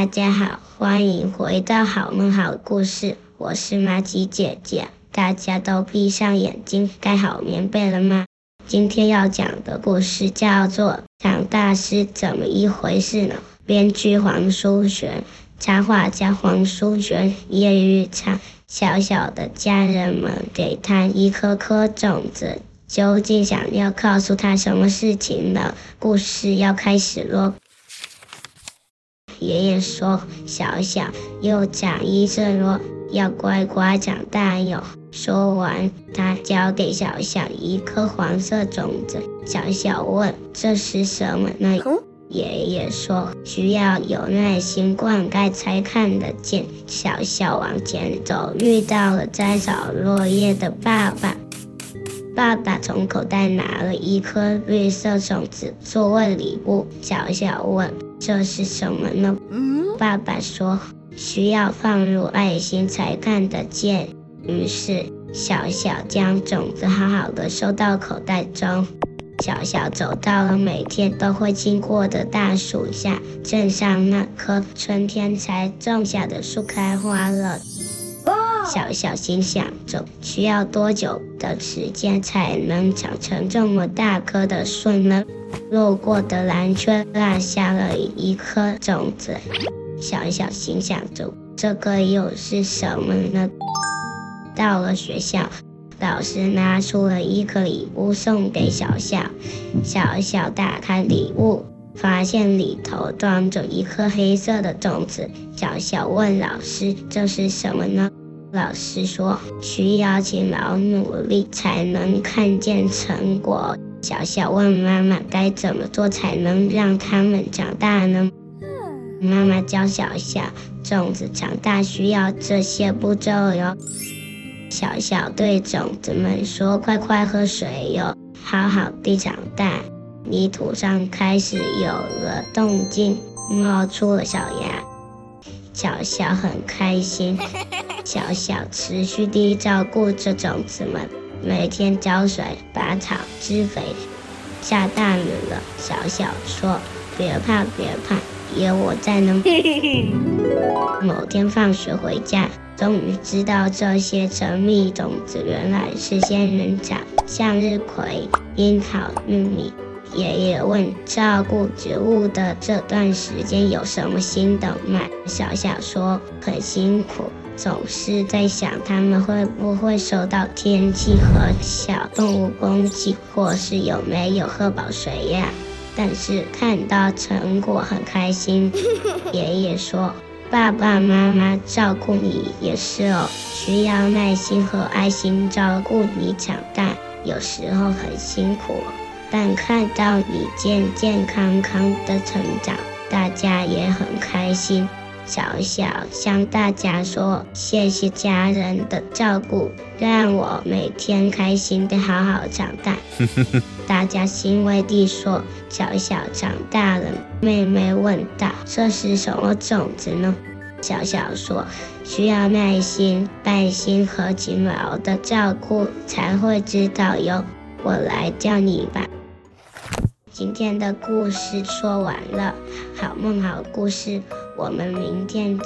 大家好，歡迎回到《好夢好故事》，我是麻吉姐姐。大家都閉上眼睛，蓋好棉被了嗎？今天要講的故事叫做《長大是怎麼一回事呢》呢？編劇黃舒玄，插畫家黃舒玄，葉育菖。小小的家人們給他一顆顆種子，究竟想要告訴他什麼事情呢？故事要開始嘍！爺爺說：“小小又長一歲了，要乖乖長大喲。”說完，他交給小小一顆黃色種子。小小問：「這是什麼呢？」嗯、爺爺說：“需要有耐心灌溉才看得見。”小小往前走，遇到了在掃落葉的爸爸。爸爸從口袋拿了一顆綠色種子作為禮物。小小問。這是什麼呢？爸爸說，需要放入愛心才看得見。於是，小小將種子好好的收到口袋中。小小走到了每天都會經過的大樹下，鎮上那棵春天才種下的樹開花了。小小心想著，需要多久的時間才能長成這麼大顆的樹呢？路過的藍鵲落下了一顆種子。小小心想著，這個又是什麼呢？到了學校，老師拿出了一顆禮物送給小小。小小打開禮物，發現裡頭裝着一顆黑色的種子。小小問老師：“這是什麼呢？”老師說：“需要勤勞努力才能看見成果。”小小問媽媽：“該怎麼做才能讓它們長大呢？”媽媽教小小：“種子長大需要這些步驟喲。”小小對種子們說：“快快喝水喲、哦，好好地長大。”泥土上開始有了動靜，冒出了小芽。小小很開心。 小小持續地照顧着種子們，每天澆水、拔草、施肥。下大雨了，小小說：“別怕，別怕，有我在呢。” 某天放學回家，終於知道這些神秘種子原來是仙人掌、向日葵、櫻桃、玉米。爺爺問：“照顧植物的這段時間有什麼心得嗎？”小小說：“很辛苦。”總是在想，他們會不會受到天氣和小動物攻擊，或是有沒有喝飽水呀、啊？但是看到成果很開心。 爺爺說：“爸爸媽媽照顧你也是哦，需要耐心和愛心照顧你長大，有時候很辛苦，但看到你健健康康的成長，大家也很開心。”小小向大家說：“謝謝家人的照顧，讓我每天開心的好好長大。” 大家欣慰地說：“小小長大了。”妹妹問道：“這是什麼種子呢？”小小說：“需要耐心、愛心和勤勞的照顧才會知道喲。”我來教你吧。今天的故事說完了，好夢好故事。我們明天見。